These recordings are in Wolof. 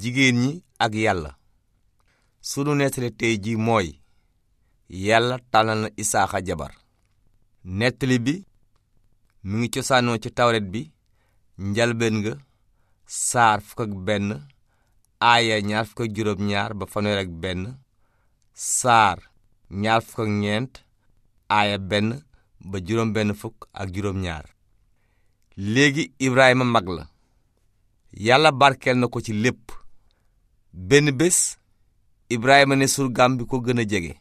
jigéen ñi ak yàlla sunu nettali tey ji mooy yàlla tànnal na isaaxa jabar nettali bi mu ngi cosaanoo ci tawret bi njalbeen nga saar fukk ak benn aaya ñaar fukk ak juróom ñaar ba fanweer ak benn saar ñaar fukk ak ñeent aaya benn ba juróom benn fukk ak juróom ñaar léegi Ibrahima mag la yàlla barkeel na ko ci lépp benn bés Ibrahima ne surgaam bi ko gën a jege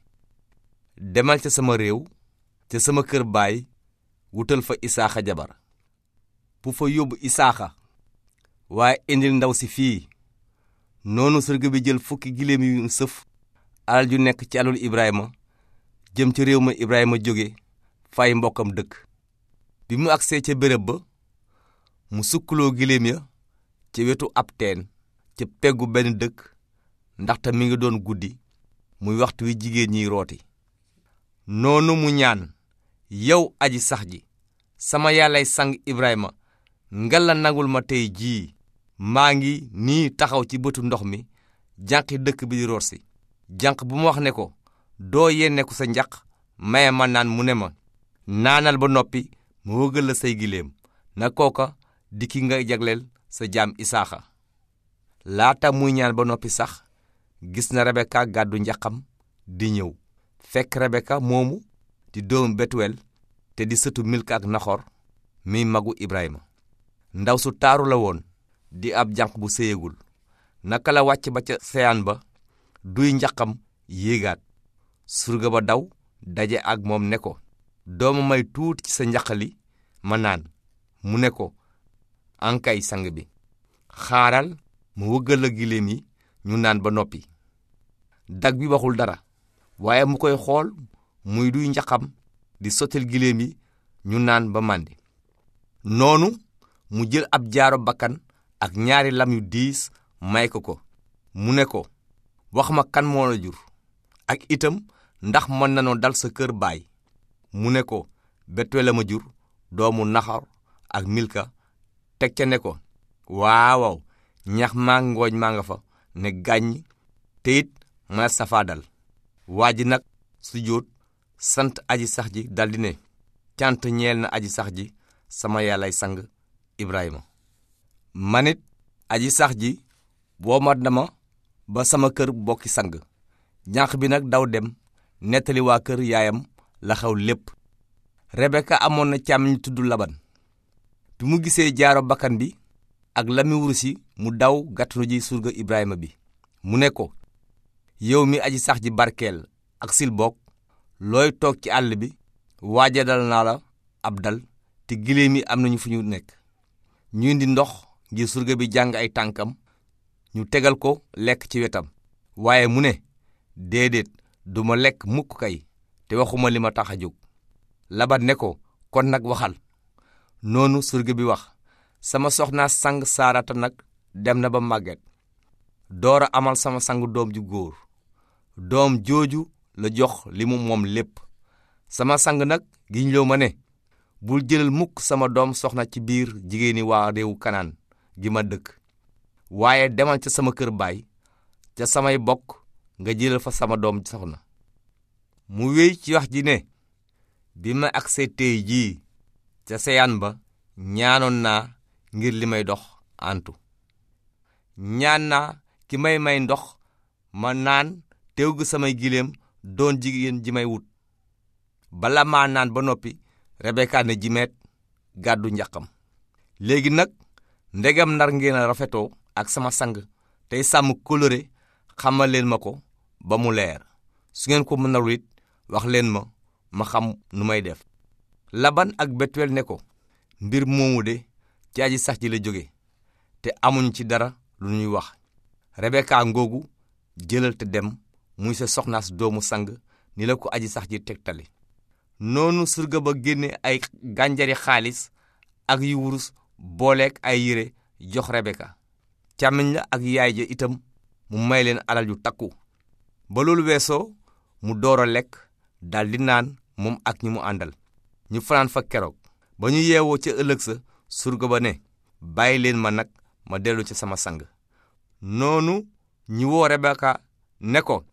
demal ca sama réew ca sama kër baay wutal fa Isaaxa jabar bu fa yóbbu Isaaxa waaye indil ndaw si fii noonu surga bi jël fukki giléem yu sëf alal ju nekk ci alul Ibrahima jëm ci réew ma Ibrahima jóge fay mbokkam dëkk bi mu agsee ca béréb ba mu sukkuloo giléem ya ca wetu ab teen ca peggu benn dëkk ndaxte mi ngi doon guddi muy waxtu wi jigéen ñiy rooti noonu mu ñaan yow aji sax ji sama yàllay sang Ibrahima ngalla nagul ma tey jii maa ngi nii taxaw ci bëtu ndox mi jànqi dëkk bi di root si janq bu ma wax ne ko doo yenneku sa njaq maye ma naan mu ne ma naanal ba noppi ma wëggal la say giléem na kooka di ki nga jagleel sa jaam Isaaxa laata muy ñaan ba noppi sax gis na rebeka gàddu njaqam di ñëw fekk rebeka moomu di doom betuwel te di sëtu milka ak naxor mi magu ibrahima ndaw su taaru la woon di ab janq bu séyagul naka la wàcc ba ca seyaan ba duy njaqam yéegaat surga ba daw daje ak moom ne ko dooma may tuuti ci sa njaqali ma naan mu ne ko ankay sang bi xaaral mu wëggal la giléem yi ñu naan ba noppi dag bi waxul dara waaye mu koy xool muy duy njaqam di sottil giléem yi ñu naan ba màndi noonu mu jël ab jaaro bakkan ak ñaari lam yu diis may ko ko mu ne ko wax ma kan moo la jur ak itam ndax mën nanoo dal sa kër baay mu ne ko betwe ma jur doomu naxar ak milka teg ca ne ko waawaaw ñax maa ngooñ maa nga fa ne gàññ te it mënees waa ji nag su sant aji sax ji daldi ne cant ñeel na aji sax ji sama yàllay sang Ibrahima manit aji sax ji boo mat na ma ba sama kër bokki sang jànq bi nag daw dem nettali waa kër yaayam la xew lépp Rebeka amoon na càmmiñ tudd Laban bi mu gisee jaaro bakkan bi ak lami wurusi mu daw gàttanu ji surga Ibrahima bi mu ne ko yow mi aji sax ji barkeel ak sil looy toog ci àll bi waajadal naa la ab dal te giléem yi am nañu fu ñu nekk ñu indi ndox ngir surga bi jàng ay tànkam ñu tegal ko lekk ci wetam waaye mu ne déedéet duma lekk mukk kay te waxuma li ma tax a jóg labat ne ko kon nag waxal noonu surga bi wax sama soxna sang saarata nag dem na ba màgget door a amal sama sangu doom ju góor doom jooju la jox li mu moom lépp sama sang nag giñloo ma ne bul jëlal mukk sama doom soxna ci biir jigéeni waa réewu kanaan gi ma dëkk waaye demal ca sama kër baay ca samay bokk nga jëlal fa sama doom soxna mu wéy ci wax ji ne bi ma agsee tey jii ca seyaan ba ñaanoon naa ngir li may dox antu ñaan naa ki may may ndox ma naan teew gi samay giléem doon jigéen ji may wut bala maa naan ba noppi Rebeka ne jimeet gàddu njaqam léegi nag ndegam nar ngeen a rafetoo ak sama sang tey sàmm kóllëre xamal leen ma ko ba mu leer su ngeen ko mënarul it wax leen ma ma xam nu may def laban ak betuwel ne ko mbir moomu de ci aji sax ji la jóge te amuñ ci dara lu ñuy wax rebeka ngoogu jëlal te dem muy sa soxnaas doomu sang ni la ko aji sax ji tegtale noonu surga ba génne ay gànjari xaalis ak yu wurus booleek ay yére jox rebeka càmmiñ la ak yaay ja itam mu may leen alal yu takku ba loolu weesoo mu door a lekk daldi naan moom ak ñi mu àndal ñu fanaan fa keroog ba ñu yeewoo ca ëllëg sa surga ba ne bàyyi leen ma nag ma dellu ci sama sang noonu ñi woo Rebeka ne ko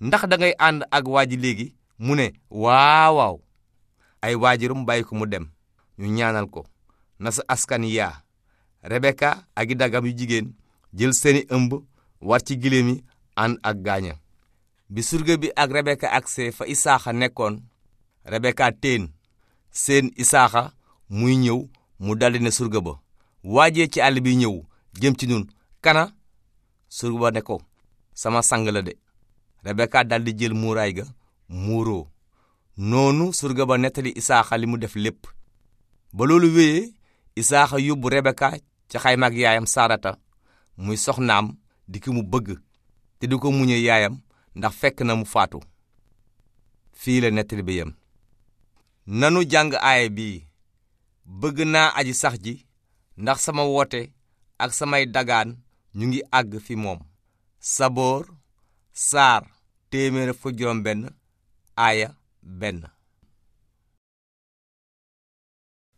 ndax dangay ànd ak waa ji léegi mu ne waawaaw ay waajuram bàyyi ko mu dem ñu ñaanal ko na sa askan yaa Rebeka ak i dagam yu jigéen jël seeni ëmb war ci giléem yi ànd ak gaaña bi surga bi ak Rebeka fa Isaaxa nekkoon Rebeka teen seen Isaaxa muy ñëw mu daldi ne surga ba waa waajee ci àll bi ñëw jëm ci ñun kana surga ba ne ko sama sang la de Rebeka daldi jël muuraay ga muuroo noonu surga ba nettali Isaaxa li mu def lépp ba loolu wéyee Isaaxa yóbbu Rebeka ca xayma ak yaayam Sarata muy soxnaam di ki mu bëgg te di ko muñe yaayam ndax fekk na mu faatu fii la nettali bi yem nanu jàng aay bi bëgg naa aji sax ji ndax sama woote ak samay dagaan ñu ngi àgg fi moom saboor saar téeméer fa juróom benn aaya benn